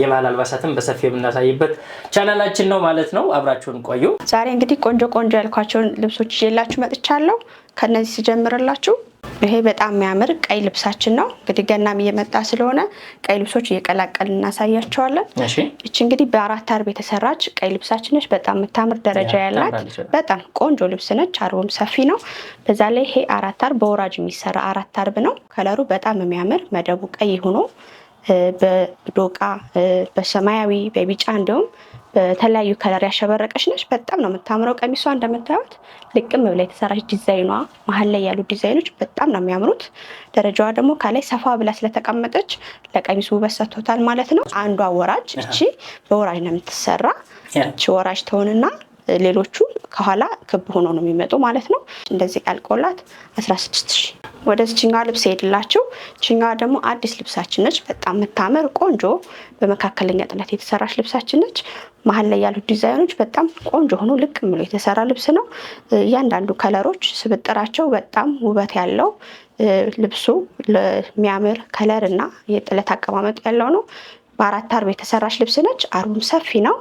የባህል አልባሳትን በሰፊ የምናሳይበት ቻናላችን ነው ማለት ነው። አብራችሁን ቆዩ። ዛሬ እንግዲህ ቆንጆ ቆንጆ ያልኳቸውን ልብሶች ይዤላችሁ መጥቻለሁ። ከነዚህ ስጀምርላችሁ ይሄ በጣም የሚያምር ቀይ ልብሳችን ነው። እንግዲህ ገናም እየመጣ ስለሆነ ቀይ ልብሶች እየቀላቀልን እናሳያቸዋለን። እች እንግዲህ በአራት አርብ የተሰራች ቀይ ልብሳችን ነች። በጣም የምታምር ደረጃ ያላት በጣም ቆንጆ ልብስ ነች። አርቡም ሰፊ ነው። በዛ ላይ ይሄ አራት አርብ በወራጅ የሚሰራ አራት አርብ ነው። ከለሩ በጣም የሚያምር መደቡ ቀይ ሆኖ በዶቃ በሰማያዊ በቢጫ እንዲሁም በተለያዩ ከለር ያሸበረቀች ነች። በጣም ነው የምታምረው። ቀሚሷ እንደምታዩት ልቅም ብላ የተሰራች ዲዛይኗ፣ መሀል ላይ ያሉ ዲዛይኖች በጣም ነው የሚያምሩት። ደረጃዋ ደግሞ ከላይ ሰፋ ብላ ስለተቀመጠች ለቀሚሱ ውበት ሰጥቶታል ማለት ነው። አንዷ ወራጅ እቺ በወራጅ ነው የምትሰራ። እቺ ወራጅ ትሆንና ሌሎቹ ከኋላ ክብ ሆኖ ነው የሚመጡ ማለት ነው። እንደዚህ ያልቆላት 16 ሺህ። ወደ ችኛ ልብስ ሄድላቸው ችኛዋ ደግሞ አዲስ ልብሳችን ነች። በጣም የምታምር ቆንጆ በመካከለኛ ጥለት የተሰራች ልብሳችን ነች። መሀል ላይ ያሉት ዲዛይኖች በጣም ቆንጆ ሆኖ ልቅ ምሎ የተሰራ ልብስ ነው። እያንዳንዱ ከለሮች ስብጥራቸው በጣም ውበት ያለው ልብሱ ለሚያምር ከለር እና የጥለት አቀማመጥ ያለው ነው። በአራት አርብ የተሰራች ልብስ ነች። አርቡም ሰፊ ነው።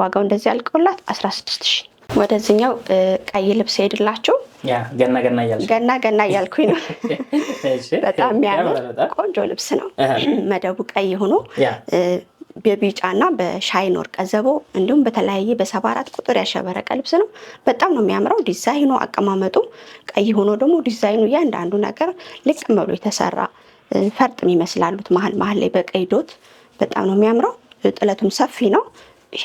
ዋጋው እንደዚህ አልቀውላት 16 ሺ። ወደዚኛው ቀይ ልብስ ሄድላችሁ ገና ገና እያልኩ ገና ገና እያልኩኝ ነው። በጣም የሚያምር ቆንጆ ልብስ ነው። መደቡ ቀይ ሆኖ በቢጫና በሻይን ወርቀ ዘቦ እንዲሁም በተለያየ በሰባ አራት ቁጥር ያሸበረቀ ልብስ ነው። በጣም ነው የሚያምረው። ዲዛይኑ አቀማመጡ ቀይ ሆኖ ደግሞ ዲዛይኑ እያንዳንዱ ነገር ልቅ ብሎ የተሰራ ፈርጥ ይመስላሉት መሀል መሀል ላይ በቀይ ዶት በጣም ነው የሚያምረው። ጥለቱም ሰፊ ነው።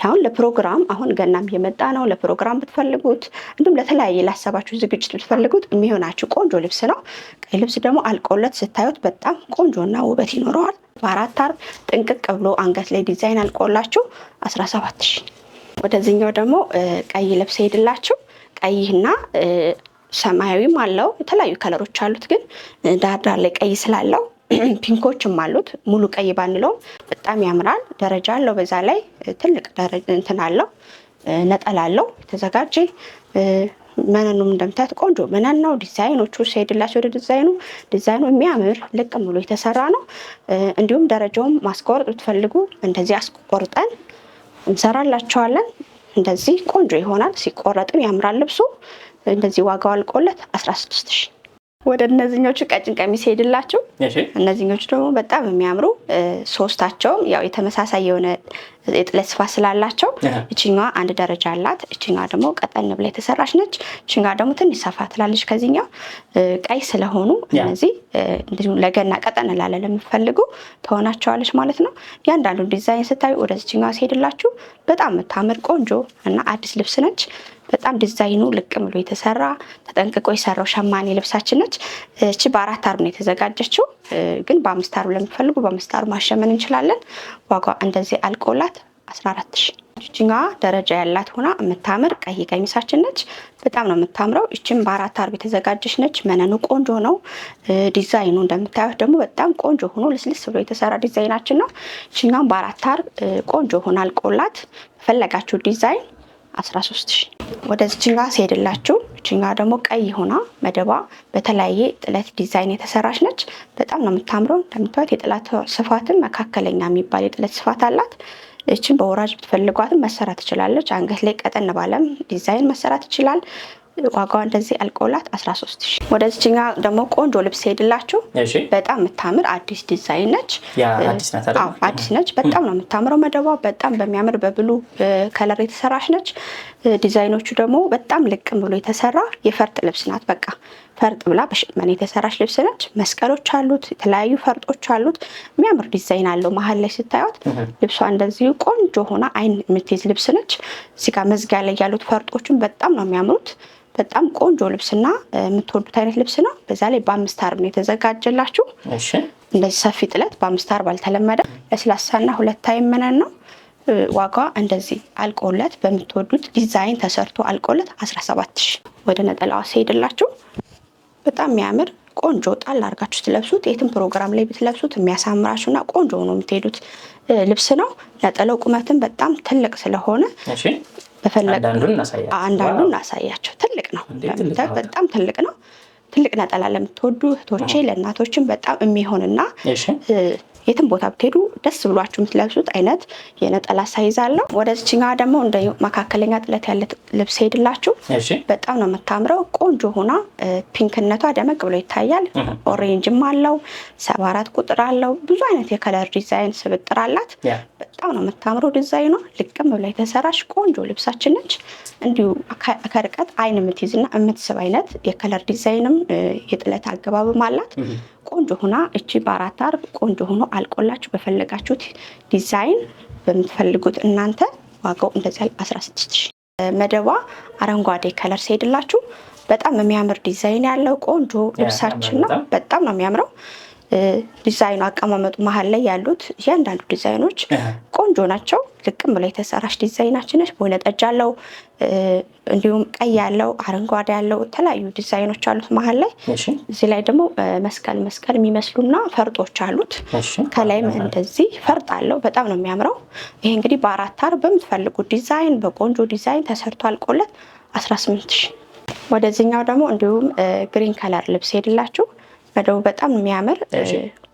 አሁን ለፕሮግራም አሁን ገናም የመጣ ነው። ለፕሮግራም ብትፈልጉት እንዲሁም ለተለያየ ላሰባችሁ ዝግጅት ብትፈልጉት የሚሆናችሁ ቆንጆ ልብስ ነው። ቀይ ልብስ ደግሞ አልቆለት ስታዩት በጣም ቆንጆና ውበት ይኖረዋል። በአራት አርብ ጥንቅቅ ብሎ አንገት ላይ ዲዛይን አልቆላችሁ 17 ሺህ። ወደዚህኛው ደግሞ ቀይ ልብስ ሄድላችሁ ቀይና ሰማያዊም አለው የተለያዩ ከለሮች አሉት፣ ግን ዳርዳር ላይ ቀይ ስላለው ፒንኮችም አሉት። ሙሉ ቀይ ባንለውም በጣም ያምራል። ደረጃ አለው። በዛ ላይ ትልቅ እንትን አለው፣ ነጠላ አለው የተዘጋጀ መነኑም እንደምታዩት ቆንጆ መነን ነው። ዲዛይኖቹ ሲሄድላቸው ወደ ዲዛይኑ ዲዛይኑ የሚያምር ልቅ ብሎ የተሰራ ነው። እንዲሁም ደረጃውም ማስቆረጥ ብትፈልጉ እንደዚህ አስቆርጠን እንሰራላቸዋለን። እንደዚህ ቆንጆ ይሆናል። ሲቆረጥም ያምራል ልብሱ። እንደዚህ ዋጋው አልቆለት 16 ሺህ ወደ እነዚህኞቹ ቀጭን ቀሚስ ሄድላችሁ። እነዚህኞቹ ደግሞ በጣም የሚያምሩ ሶስታቸውም ያው የተመሳሳይ የሆነ የጥለት ስፋት ስላላቸው እችኛዋ አንድ ደረጃ አላት። እችኛዋ ደግሞ ቀጠን ብላ የተሰራች ነች። እችኛ ደግሞ ትንሽ ሰፋ ትላለች ከዚህኛው ቀይ ስለሆኑ እነዚህ እንዲሁም ለገና ቀጠን ላለ ለምፈልጉ ተሆናቸዋለች ማለት ነው። እያንዳንዱ ዲዛይን ስታዩ ወደ ሲሄድላችሁ በጣም የምታምር ቆንጆ እና አዲስ ልብስ ነች። በጣም ዲዛይኑ ልቅም ብሎ የተሰራ ተጠንቅቆ የሰራው ሸማኔ ልብሳችን ነች። እቺ በአራት አርብ ነው የተዘጋጀችው፣ ግን በአምስት አርብ ለሚፈልጉ በአምስት አርብ ማሸመን እንችላለን። ዋጋ እንደዚህ አልቆላት 14 ሺ። ደረጃ ያላት ሆና የምታምር ቀይ ቀሚሳችን ነች። በጣም ነው የምታምረው። እችም በአራት አርብ የተዘጋጀች ነች። መነኑ ቆንጆ ነው። ዲዛይኑ እንደምታዩት ደግሞ በጣም ቆንጆ ሆኖ ልስልስ ብሎ የተሰራ ዲዛይናችን ነው። እችኛም በአራት አርብ ቆንጆ ሆና አልቆላት። ፈለጋችሁ ዲዛይን 13 ሺ ወደዚችን ሲሄድላችሁ እችኛ ደግሞ ቀይ ሆና መደባ በተለያየ ጥለት ዲዛይን የተሰራች ነች። በጣም ነው የምታምረው። እንደምታዩት የጥለት ስፋትን መካከለኛ የሚባል የጥለት ስፋት አላት። ይችን በወራጅ ብትፈልጓትም መሰራት ትችላለች። አንገት ላይ ቀጠን ባለም ዲዛይን መሰራት ይችላል። ዋጋው እንደዚህ አልቆላት 13 ሺ። ወደዚችኛ ደግሞ ቆንጆ ልብስ ሄድላችሁ። በጣም የምታምር አዲስ ዲዛይን ነች፣ አዲስ ነች። በጣም ነው የምታምረው። መደቧ በጣም በሚያምር በብሉ ከለር የተሰራች ነች። ዲዛይኖቹ ደግሞ በጣም ልቅም ብሎ የተሰራ የፈርጥ ልብስ ናት። በቃ ፈርጥ ብላ በሽመና የተሰራች ልብስ ነች። መስቀሎች አሉት፣ የተለያዩ ፈርጦች አሉት። የሚያምር ዲዛይን አለው። መሀል ላይ ስታዩት ልብሷ እንደዚሁ ቆንጆ ሆና አይን የምትይዝ ልብስ ነች። እዚጋ መዝጊያ ላይ ያሉት ፈርጦችን በጣም ነው የሚያምሩት። በጣም ቆንጆ ልብስና የምትወዱት አይነት ልብስ ነው። በዛ ላይ በአምስት አርብ ነው የተዘጋጀላችሁ። እንደዚህ ሰፊ ጥለት በአምስት አርብ አልተለመደ ለስላሳና ሁለት አይመነን ነው። ዋጋ እንደዚህ አልቆለት በምትወዱት ዲዛይን ተሰርቶ አልቆለት 17 ሺ ወደ ነጠላዋ ሲሄድላችሁ በጣም የሚያምር ቆንጆ ጣል አድርጋችሁ ትለብሱት የትም ፕሮግራም ላይ ብትለብሱት የሚያሳምራችሁና ቆንጆ ሆኖ የምትሄዱት ልብስ ነው። ነጠላው ቁመትን በጣም ትልቅ ስለሆነ አንዳንዱ እናሳያቸው። ትልቅ ነው፣ በጣም ትልቅ ነው። ትልቅ ነጠላ ለምትወዱ እህቶቼ ለእናቶችን በጣም የሚሆንና የትም ቦታ ብትሄዱ ደስ ብሏችሁ የምትለብሱት አይነት የነጠላ ሳይዝ አለው። ወደዚችኛ ደግሞ እንደ መካከለኛ ጥለት ያለ ልብስ ሄድላችሁ። በጣም ነው የምታምረው ቆንጆ ሆና ፒንክነቷ ደመቅ ብሎ ይታያል። ኦሬንጅም አለው፣ ሰባ አራት ቁጥር አለው። ብዙ አይነት የከለር ዲዛይን ስብጥር አላት። በጣም ነው የምታምረው ዲዛይኗ። ልቅም ብላ የተሰራች ቆንጆ ልብሳችን ነች። እንዲሁ ከርቀት አይን የምትይዝና የምትስብ አይነት የከለር ዲዛይንም የጥለት አገባብም አላት። ቆንጆ ሆና እቺ በአራት አርብ ቆንጆ ሆኖ አልቆላችሁ በፈለጋችሁት ዲዛይን በምትፈልጉት እናንተ ዋጋው እንደዚያል 16 ሺህ። መደቧ አረንጓዴ ከለር ሲሄድላችሁ በጣም የሚያምር ዲዛይን ያለው ቆንጆ ልብሳችን ነው። በጣም ነው የሚያምረው። ዲዛይኑ አቀማመጡ መሀል ላይ ያሉት እያንዳንዱ ዲዛይኖች ቆንጆ ናቸው። ልቅም ብላ የተሰራች ዲዛይናችን ነች። ወይነ ጠጅ አለው፣ እንዲሁም ቀይ ያለው፣ አረንጓዴ ያለው የተለያዩ ዲዛይኖች አሉት መሀል ላይ። እዚህ ላይ ደግሞ መስቀል መስቀል የሚመስሉና ፈርጦች አሉት። ከላይም እንደዚህ ፈርጥ አለው። በጣም ነው የሚያምረው። ይሄ እንግዲህ በአራት አር በምትፈልጉት ዲዛይን በቆንጆ ዲዛይን ተሰርቶ አልቆለት 18 ሺ። ወደዚህኛው ደግሞ እንዲሁም ግሪን ከለር ልብስ ሄድላችሁ መደቡ በጣም የሚያምር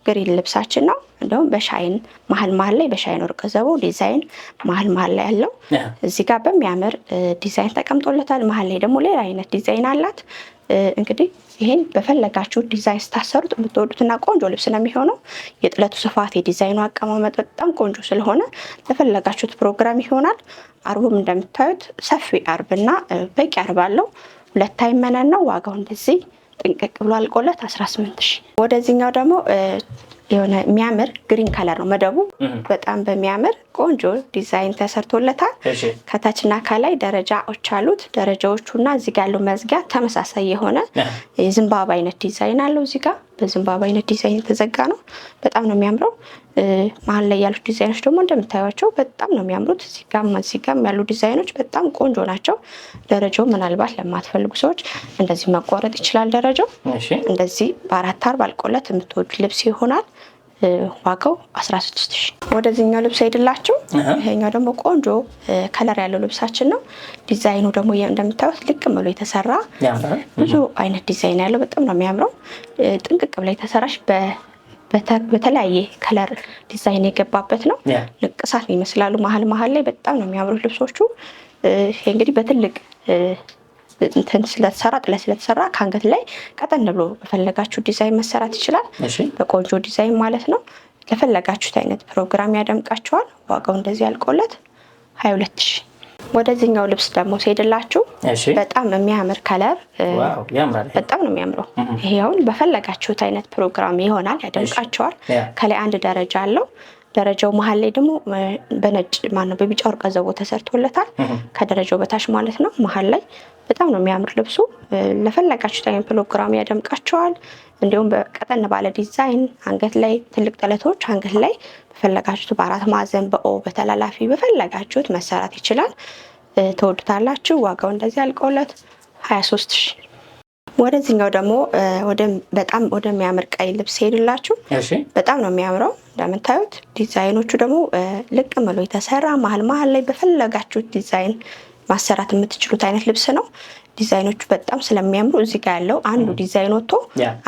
ግሪን ልብሳችን ነው። እንደውም በሻይን መሀል መሀል ላይ በሻይን ወርቅ ዘቦ ዲዛይን መሀል መሀል ላይ ያለው እዚህ ጋር በሚያምር ዲዛይን ተቀምጦለታል። መሀል ላይ ደግሞ ሌላ አይነት ዲዛይን አላት። እንግዲህ ይሄን በፈለጋችሁ ዲዛይን ስታሰሩት የምትወዱትና ቆንጆ ልብስ ነው የሚሆነው። የጥለቱ ስፋት፣ የዲዛይኑ አቀማመጥ በጣም ቆንጆ ስለሆነ ለፈለጋችሁት ፕሮግራም ይሆናል። አርቡም እንደምታዩት ሰፊ አርብና በቂ አርብ አለው። ሁለት አይመነን ነው ዋጋው እንደዚህ ጥንቅቅ ብሎ አልቆለት 18 ሺ ወደዚህኛው ደግሞ የሆነ የሚያምር ግሪን ከለር ነው መደቡ። በጣም በሚያምር ቆንጆ ዲዛይን ተሰርቶለታል። ከታችና ከላይ ደረጃዎች አሉት። እና እዚህ ጋ ያለው መዝጊያ ተመሳሳይ የሆነ የዘንባባ አይነት ዲዛይን አለው። እዚህ ጋር በዘንባባ አይነት ዲዛይን የተዘጋ ነው። በጣም ነው የሚያምረው። መሀል ላይ ያሉት ዲዛይኖች ደግሞ እንደምታዩቸው በጣም ነው የሚያምሩት። እዚጋም ጋም ያሉ ዲዛይኖች በጣም ቆንጆ ናቸው። ደረጃው ምናልባት ለማትፈልጉ ሰዎች እንደዚህ መቋረጥ ይችላል። ደረጃው እንደዚህ በአራት አርብ አልቆለት የምትወዱ ልብስ ይሆናል። ዋጋው 16 ሺ። ወደዚህኛው ልብስ አይደላችሁ። ይሄኛው ደግሞ ቆንጆ ከለር ያለው ልብሳችን ነው። ዲዛይኑ ደግሞ እንደምታዩት ልቅ ብሎ የተሰራ ብዙ አይነት ዲዛይን ያለው በጣም ነው የሚያምረው። ጥንቅቅ ብላ የተሰራች በ በተለያየ ከለር ዲዛይን የገባበት ነው። ንቅሳት ይመስላሉ። መሀል መሀል ላይ በጣም ነው የሚያምሩት ልብሶቹ። እንግዲህ በትልቅ እንትን ስለተሰራ ጥለት ስለተሰራ ከአንገት ላይ ቀጠን ብሎ በፈለጋችሁ ዲዛይን መሰራት ይችላል። በቆንጆ ዲዛይን ማለት ነው። ለፈለጋችሁት አይነት ፕሮግራም ያደምቃቸዋል። ዋጋው እንደዚህ ያልቆለት ሀያ ሁለት ሺህ ወደዚህኛው ልብስ ደግሞ ሲሄድላችሁ በጣም የሚያምር ከለር በጣም ነው የሚያምረው። ይሄውን በፈለጋችሁት አይነት ፕሮግራም ይሆናል፣ ያደምቃቸዋል። ከላይ አንድ ደረጃ አለው። ደረጃው መሀል ላይ ደግሞ በነጭ ማነው በቢጫ ወርቀ ዘቦ ተሰርቶለታል። ከደረጃው በታች ማለት ነው። መሀል ላይ በጣም ነው የሚያምር ልብሱ። ለፈለጋችሁት አይነት ፕሮግራም ያደምቃቸዋል። እንዲሁም በቀጠን ባለ ዲዛይን አንገት ላይ ትልቅ ጥለቶች አንገት ላይ በፈለጋችሁት በአራት ማዕዘን በኦ በተላላፊ በፈለጋችሁት መሰራት ይችላል። ተወዱታላችሁ። ዋጋው እንደዚህ አልቀውለት 23 ሺ። ወደዚህኛው ደግሞ በጣም ወደሚያምር ቀይ ልብስ ሄድላችሁ። በጣም ነው የሚያምረው እንደምታዩት። ዲዛይኖቹ ደግሞ ልቅ ምሎ የተሰራ መሀል መሀል ላይ በፈለጋችሁት ዲዛይን ማሰራት የምትችሉት አይነት ልብስ ነው። ዲዛይኖቹ በጣም ስለሚያምሩ እዚህ ጋር ያለው አንዱ ዲዛይን ወጥቶ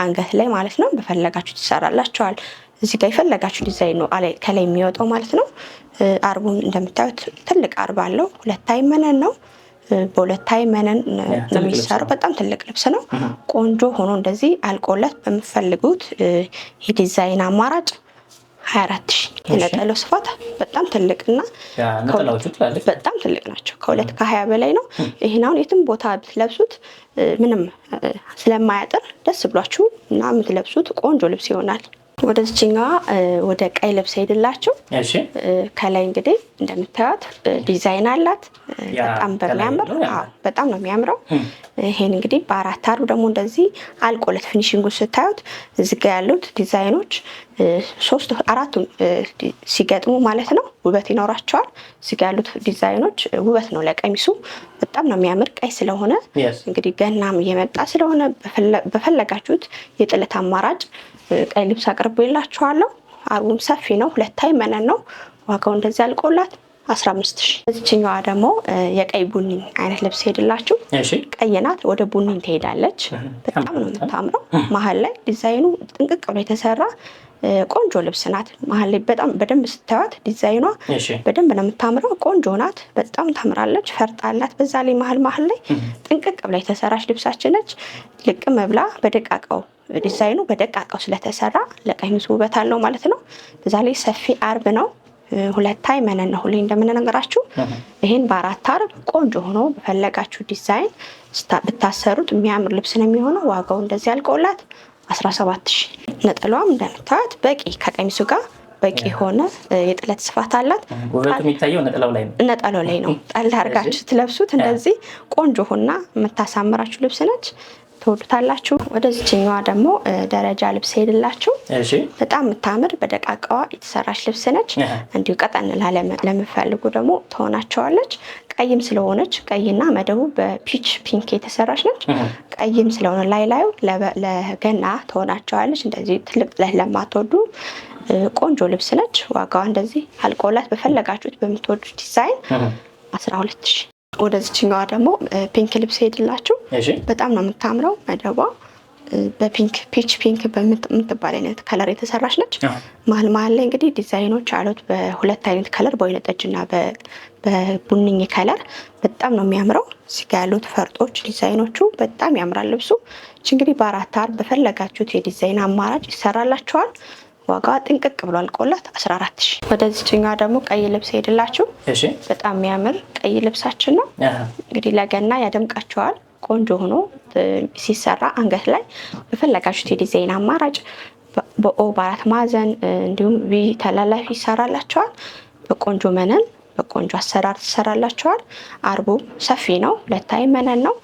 አንገት ላይ ማለት ነው በፈለጋችሁት ይሰራላችኋል። እዚህ ጋር የፈለጋችሁ ዲዛይን ነው ከላይ የሚወጣው ማለት ነው። አርቡን እንደምታዩት ትልቅ አርብ አለው። ሁለት አይመነን ነው በሁለት አይመነን የሚሰራው በጣም ትልቅ ልብስ ነው። ቆንጆ ሆኖ እንደዚህ አልቆለት በምፈልጉት የዲዛይን አማራጭ ሀያ አራት ሺ የነጠላው ስፋት በጣም ትልቅና በጣም ትልቅ ናቸው። ከሁለት ከሀያ በላይ ነው። ይህን አሁን የትም ቦታ ብትለብሱት ምንም ስለማያጥር ደስ ብሏችሁ እና የምትለብሱት ቆንጆ ልብስ ይሆናል። ወደዚችኛ ወደ ቀይ ልብስ ሄድላችሁ። ከላይ እንግዲህ እንደምታዩት ዲዛይን አላት። በጣም በሚያምር በጣም ነው የሚያምረው። ይሄን እንግዲህ በአራት አሩ ደግሞ እንደዚህ አልቆለት ፊኒሽንጉ ስታዩት እዚጋ ያሉት ዲዛይኖች ሶስት አራቱም ሲገጥሙ ማለት ነው ውበት ይኖራቸዋል። እዚጋ ያሉት ዲዛይኖች ውበት ነው ለቀሚሱ። በጣም ነው የሚያምር ቀይ ስለሆነ እንግዲህ ገናም እየመጣ ስለሆነ በፈለጋችሁት የጥለት አማራጭ ቀይ ልብስ አቅርቤላችኋለሁ። አርቡም ሰፊ ነው፣ ሁለታይ መነን ነው። ዋጋው እንደዚህ አልቆላት 15 ሺ። እዚችኛዋ ደግሞ የቀይ ቡኒ አይነት ልብስ ሄድላችሁ። ቀይ ናት፣ ወደ ቡኒ ትሄዳለች። በጣም ነው የምታምረው። መሀል ላይ ዲዛይኑ ጥንቅቅ ብሎ የተሰራ ቆንጆ ልብስ ናት። መሀል ላይ በጣም በደንብ ስታዩት ዲዛይኗ በደንብ ነው የምታምረው። ቆንጆ ናት፣ በጣም ታምራለች። ፈርጥ አላት። በዛ ላይ መሀል መሀል ላይ ጥንቅቅ ብላ የተሰራች ልብሳችን ነች። ልቅም ብላ በደቃቃው ዲዛይኑ በደቃቃው ስለተሰራ ለቀሚሱ ውበት አለው ማለት ነው። በዛ ላይ ሰፊ አርብ ነው ሁለት አይ መነን ነው ሁሌ እንደምንነግራችሁ ይህን በአራት አርብ ቆንጆ ሆኖ በፈለጋችሁ ዲዛይን ብታሰሩት የሚያምር ልብስ ነው የሚሆነው። ዋጋው እንደዚህ ያልቀውላት 17 ሺ። ነጠሏም እንደምታዩት በቂ ከቀሚሱ ጋር በቂ የሆነ የጥለት ስፋት አላት። ውበቱ የሚታየው ነጠላው ላይ ነው። ነጠላው ላይ ነው። ጠል አድርጋችሁ ትለብሱት እንደዚህ ቆንጆ ሆና የምታሳምራችሁ ልብስ ነች። ትወዱታላችሁ። ወደዚችኛዋ ደግሞ ደረጃ ልብስ ሄድላችሁ። በጣም የምታምር በደቃቃዋ የተሰራች ልብስ ነች። እንዲሁ ቀጠን ለምፈልጉ ደግሞ ትሆናቸዋለች። ቀይም ስለሆነች ቀይና መደቡ በፒች ፒንክ የተሰራች ነች። ቀይም ስለሆነ ላይ ላዩ ለገና ትሆናቸዋለች። እንደዚህ ትልቅ ለማትወዱ ቆንጆ ልብስ ነች። ዋጋዋ እንደዚህ አልቆላት በፈለጋችሁት በምትወዱ ዲዛይን አስራ ሁለት ሺ ወደዚችኛዋ ደግሞ ፒንክ ልብስ ሄድላችሁ። በጣም ነው የምታምረው። መደቧ በፒንክ ፒች ፒንክ በምትባል አይነት ከለር የተሰራች ነች። መሀል መሀል ላይ እንግዲህ ዲዛይኖች አሉት በሁለት አይነት ከለር፣ በወይነ ጠጅና በቡኒኝ ከለር በጣም ነው የሚያምረው። እዚጋ ያሉት ፈርጦች ዲዛይኖቹ በጣም ያምራል ልብሱ። እንግዲህ በአራት አር በፈለጋችሁት የዲዛይን አማራጭ ይሰራላችኋል። ዋጋ ጥንቅቅ ብሎ አልቆላት 14 ሺ። ወደዚችኛ ደግሞ ቀይ ልብስ ሄድላችሁ። በጣም የሚያምር ቀይ ልብሳችን ነው እንግዲህ ለገና ያደምቃቸዋል። ቆንጆ ሆኖ ሲሰራ አንገት ላይ በፈለጋችሁት የዲዛይን አማራጭ በኦ በአራት ማዕዘን እንዲሁም ቪ ተላላፊ ይሰራላቸዋል። በቆንጆ መነን በቆንጆ አሰራር ትሰራላቸዋል። አርቡ ሰፊ ነው፣ ሁለታይ መነን ነው።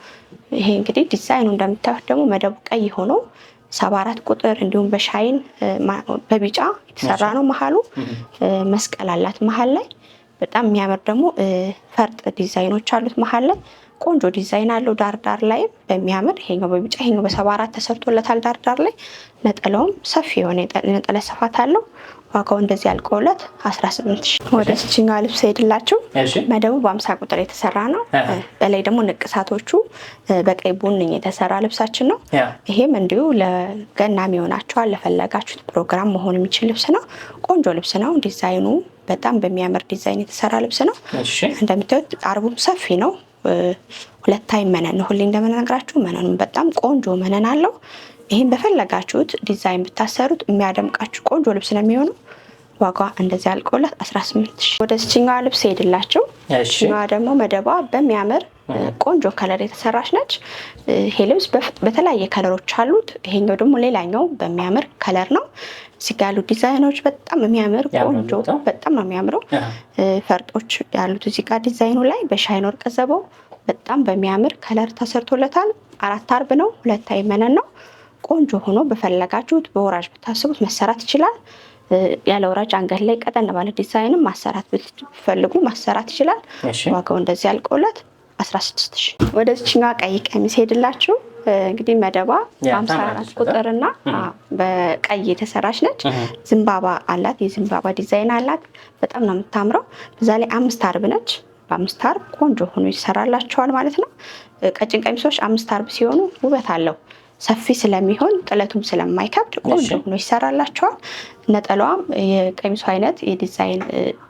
ይሄ እንግዲህ ዲዛይኑ እንደምታዩት ደግሞ መደቡ ቀይ ሆኖ ሰባ አራት ቁጥር እንዲሁም በሻይን በቢጫ የተሰራ ነው። መሀሉ መስቀል አላት መሀል ላይ በጣም የሚያምር ደግሞ ፈርጥ ዲዛይኖች አሉት መሀል ላይ ቆንጆ ዲዛይን አለው። ዳርዳር ላይ በሚያምር ይሄኛው በቢጫ ይሄኛው በሰባ አራት ተሰርቶለታል። ዳርዳር ላይ ነጠለውም ሰፊ የሆነ ነጠለ ስፋት አለው። ዋጋው እንደዚህ ያልቀውለት 18 ሺ። ወደ ስችኛዋ ልብስ ሄድላችሁ። መደቡ በአምሳ ቁጥር የተሰራ ነው። በላይ ደግሞ ንቅሳቶቹ በቀይ ቡንኝ የተሰራ ልብሳችን ነው። ይሄም እንዲሁ ለገናም የሚሆናቸው ለፈለጋችሁት ፕሮግራም መሆን የሚችል ልብስ ነው። ቆንጆ ልብስ ነው። ዲዛይኑ በጣም በሚያምር ዲዛይን የተሰራ ልብስ ነው። እንደምታዩት አርቡም ሰፊ ነው። ሁለታይ መነን ነው። ሁሌ እንደምንነግራችሁ መነኑን በጣም ቆንጆ መነን አለው። ይህም በፈለጋችሁት ዲዛይን ብታሰሩት የሚያደምቃችሁ ቆንጆ ልብስ ነው የሚሆኑ። ዋጋ እንደዚህ አልቆላት 18 ሺ። ወደ ስችኛዋ ልብስ ሄድላቸው። ችኛዋ ደግሞ መደቧ በሚያምር ቆንጆ ከለር የተሰራች ነች። ይሄ ልብስ በተለያየ ከለሮች አሉት። ይሄኛው ደግሞ ሌላኛው በሚያምር ከለር ነው። እዚህ ጋ ዲዛይኖች በጣም የሚያምር ቆንጆ፣ በጣም ነው የሚያምረው። ፈርጦች ያሉት እዚጋ ዲዛይኑ ላይ በሻይን ወርቅ ዘቦ በጣም በሚያምር ከለር ተሰርቶለታል። አራት አርብ ነው፣ ሁለት አይመነን ነው። ቆንጆ ሆኖ በፈለጋችሁት በወራጅ ብታስቡት መሰራት ይችላል። ያለ ወራጅ አንገት ላይ ቀጠን ባለ ዲዛይንም ማሰራት ብትፈልጉ ማሰራት ይችላል። ዋጋው እንደዚህ ያልቀውለት 16 ሺህ። ወደዚችኛ ቀይ ቀሚስ ሄድላችሁ እንግዲህ መደባ በአምሳ አራት ቁጥርና በቀይ የተሰራች ነች። ዝንባባ አላት፣ የዘንባባ ዲዛይን አላት። በጣም ነው የምታምረው። በዛ ላይ አምስት አርብ ነች። በአምስት አርብ ቆንጆ ሆኖ ይሰራላችኋል ማለት ነው። ቀጭን ቀሚሶች አምስት አርብ ሲሆኑ ውበት አለው። ሰፊ ስለሚሆን ጥለቱም ስለማይከብድ ቆንጆ ሆኖ ይሰራላቸዋል። ነጠላዋም የቀሚሱ አይነት የዲዛይን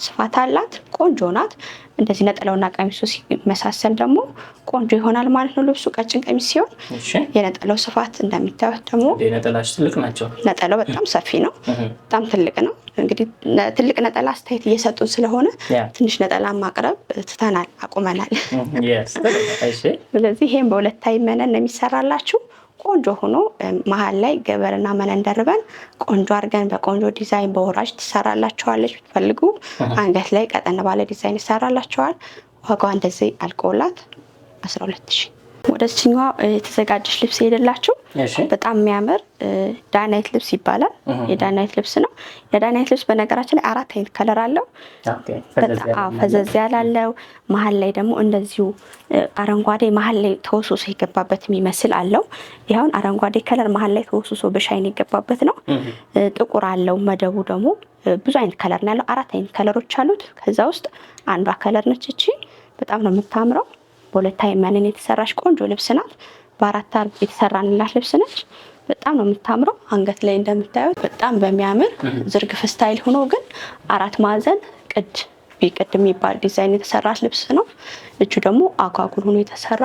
ስፋት አላት፣ ቆንጆ ናት። እንደዚህ ነጠላውና ቀሚሱ ሲመሳሰል ደግሞ ቆንጆ ይሆናል ማለት ነው። ልብሱ ቀጭን ቀሚስ ሲሆን የነጠላው ስፋት እንደሚታዩት ደግሞ ነጠላው በጣም ሰፊ ነው፣ በጣም ትልቅ ነው። እንግዲህ ትልቅ ነጠላ አስተያየት እየሰጡን ስለሆነ ትንሽ ነጠላ ማቅረብ ትተናል፣ አቁመናል። ስለዚህ ይሄም በሁለት አይመነን ነው የሚሰራላችሁ ቆንጆ ሆኖ መሀል ላይ ገበርና መነን ደርበን ቆንጆ አድርገን በቆንጆ ዲዛይን በወራጅ ትሰራላቸዋለች። ብትፈልጉ አንገት ላይ ቀጠን ባለ ዲዛይን ይሰራላቸዋል። ዋጋዋ እንደዚህ አልቆላት 12 ሺህ ወደችኛዋ የተዘጋጀች ልብስ ሄደላችሁ በጣም የሚያምር ዳናይት ልብስ ይባላል። የዳናይት ልብስ ነው። የዳናይት ልብስ በነገራችን ላይ አራት አይነት ከለር አለው። ፈዘዝ ያላለው መሀል ላይ ደግሞ እንደዚሁ አረንጓዴ መሀል ላይ ተወሶሶ የገባበት የሚመስል አለው። ይኸውን አረንጓዴ ከለር መሀል ላይ ተወሶሶ በሻይን የገባበት ነው። ጥቁር አለው። መደቡ ደግሞ ብዙ አይነት ከለር ነው ያለው። አራት አይነት ከለሮች አሉት። ከዛ ውስጥ አንዷ ከለር ነች እቺ። በጣም ነው የምታምረው በሁለት አይመንን የተሰራች ቆንጆ ልብስ ናት። በአራት አርብ የተሰራንላት ልብስ ነች። በጣም ነው የምታምረው። አንገት ላይ እንደምታዩት በጣም በሚያምር ዝርግፍ ስታይል ሆኖ ግን አራት ማዕዘን ቅድ ቢቅድ የሚባል ዲዛይን የተሰራች ልብስ ነው። እጁ ደግሞ አጓጉል ሆኖ የተሰራ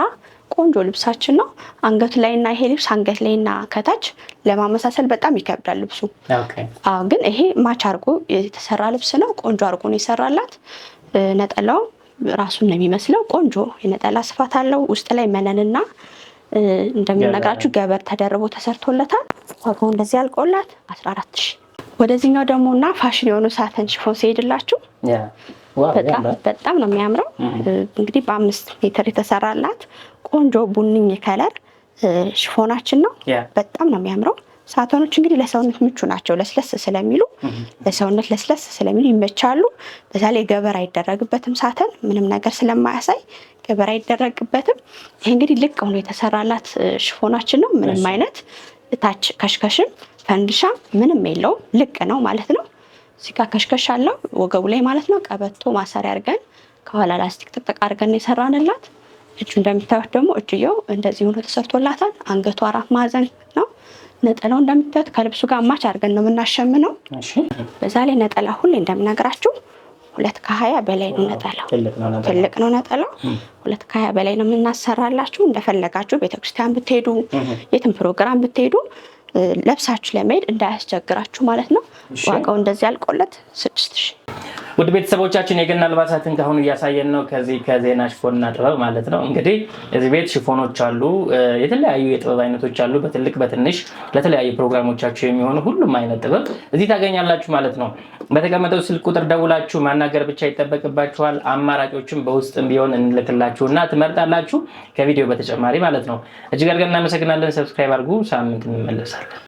ቆንጆ ልብሳችን ነው። አንገቱ ላይና ይሄ ልብስ አንገት ላይና ከታች ለማመሳሰል በጣም ይከብዳል ልብሱ። ግን ይሄ ማች አርጎ የተሰራ ልብስ ነው። ቆንጆ አርጎ ነው የሰራላት። ነጠላውም ራሱን ነው የሚመስለው። ቆንጆ የነጠላ ስፋት አለው። ውስጥ ላይ መነንና እንደምንነግራችሁ ገበር ተደርቦ ተሰርቶለታል። ዋጋው እንደዚህ ያልቆላት 14 ሺ። ወደዚህኛው ደግሞ እና ፋሽን የሆኑ ሳተን ሽፎን ሲሄድላችሁ በጣም ነው የሚያምረው። እንግዲህ በአምስት ሜትር የተሰራላት ቆንጆ ቡኒኝ ከለር ሽፎናችን ነው። በጣም ነው የሚያምረው። ሳተኖች እንግዲህ ለሰውነት ምቹ ናቸው። ለስለስ ስለሚሉ ለሰውነት ለስለስ ስለሚሉ ይመቻሉ። በዛ ላይ ገበር አይደረግበትም። ሳተን ምንም ነገር ስለማያሳይ ገበር አይደረግበትም። ይሄ እንግዲህ ልቅ ሆኖ የተሰራላት ሽፎናችን ነው። ምንም አይነት እታች ከሽከሽም ፈንድሻም ምንም የለውም። ልቅ ነው ማለት ነው። እዚጋ ከሽከሽ አለው ወገቡ ላይ ማለት ነው። ቀበቶ ማሰሪያ አድርገን ከኋላ ላስቲክ ጥቅጥቅ አድርገን የሰራንላት እጁ እንደምታዩት ደግሞ እጅየው እንደዚህ ሆኖ ተሰርቶላታል። አንገቱ አራት ማዕዘን ነው። ነጠላው እንደምታዩት ከልብሱ ጋር ማች አድርገን ነው የምናሸምነው። በዛ ላይ ነጠላ ሁሌ እንደምነግራችሁ ሁለት ከሀያ በላይ ነው ነጠላው። ትልቅ ነው ነጠላው። ሁለት ከሀያ በላይ ነው የምናሰራላችሁ። እንደፈለጋችሁ ቤተክርስቲያን ብትሄዱ፣ የትም ፕሮግራም ብትሄዱ ለብሳችሁ ለመሄድ እንዳያስቸግራችሁ ማለት ነው። ዋጋው እንደዚህ ያልቆለት ስድስት ሺህ ውድ ቤተሰቦቻችን የገና አልባሳትን ከአሁኑ እያሳየን ነው። ከዚህ ከዜና ሽፎንና ጥበብ ማለት ነው። እንግዲህ እዚህ ቤት ሽፎኖች አሉ፣ የተለያዩ የጥበብ አይነቶች አሉ። በትልቅ በትንሽ ለተለያዩ ፕሮግራሞቻችሁ የሚሆኑ ሁሉም አይነት ጥበብ እዚህ ታገኛላችሁ ማለት ነው። በተቀመጠው ስልክ ቁጥር ደውላችሁ ማናገር ብቻ ይጠበቅባችኋል። አማራጮችን በውስጥም ቢሆን እንልክላችሁና ትመርጣላችሁ ከቪዲዮ በተጨማሪ ማለት ነው። እጅግ አድርገን እናመሰግናለን። ሰብስክራይብ አድርጉ። ሳምንት እንመለሳለን።